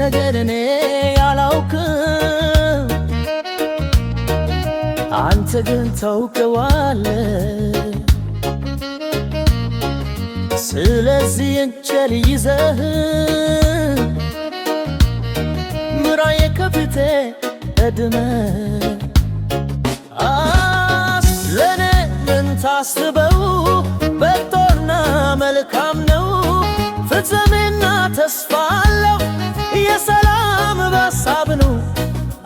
ነገር እኔ አላውቅም፣ አንተ ግን ታውቀዋለ። ስለዚህ እንቸል ይዘህ ምራዬ ከፊቴ ቀድመ ለእኔ ምን ታስበው በጦና መልካም ነው ፍጽሜና ተስፋ አለው የሰላም በሳብ ነው።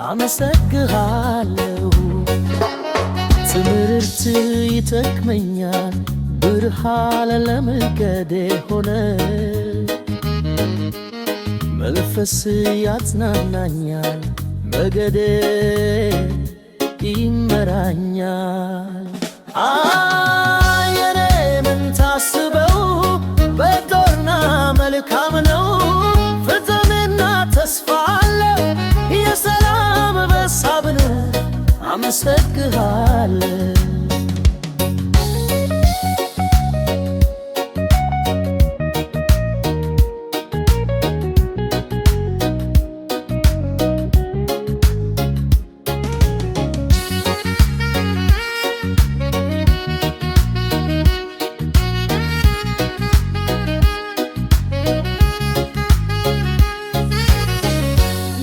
አመሰግሃለሁ። ትምህርት ይጠቅመኛል፣ ብርሃን ለመንገዴ ሆነ። መንፈስ ያጽናናኛል፣ መንገዴ ይመራኛል። አመሰግሃለሁ።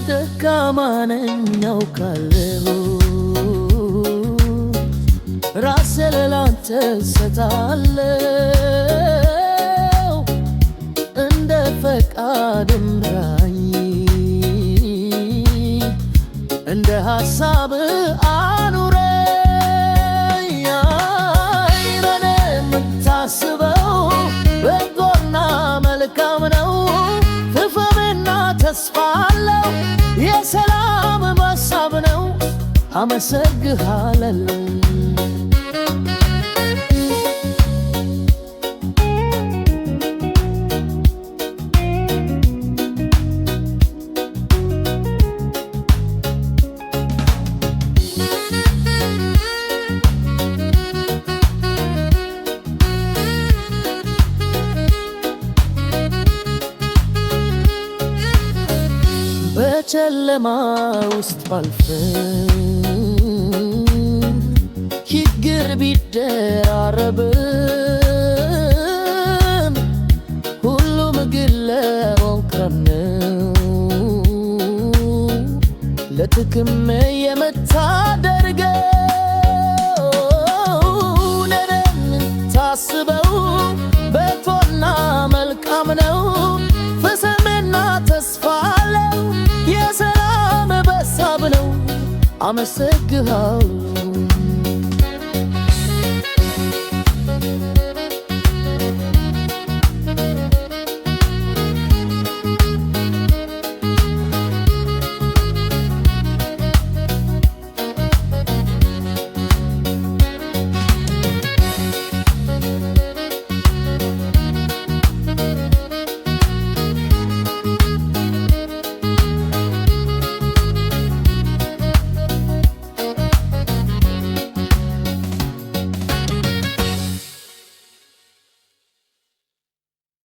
ደካማ ነኝ አውቃለሁ ራሴ ለላንተ ሰጣለው እንደ ፈቃድ ምራኝ እንደ ሀሳብ አኑረኝ ለኔ የምታስበው በጎና መልካም ነው ትፈምና ተስፋ አለው የሰላም ማሳብ ነው አመሰግሃለሁ ጨለማ ውስጥ ባልፍም ችግር ቢደራረብም ሁሉም ግን ለወንክረም ነው ለጥቅም የምታደርገው ነረን ታስበው I'm a sick of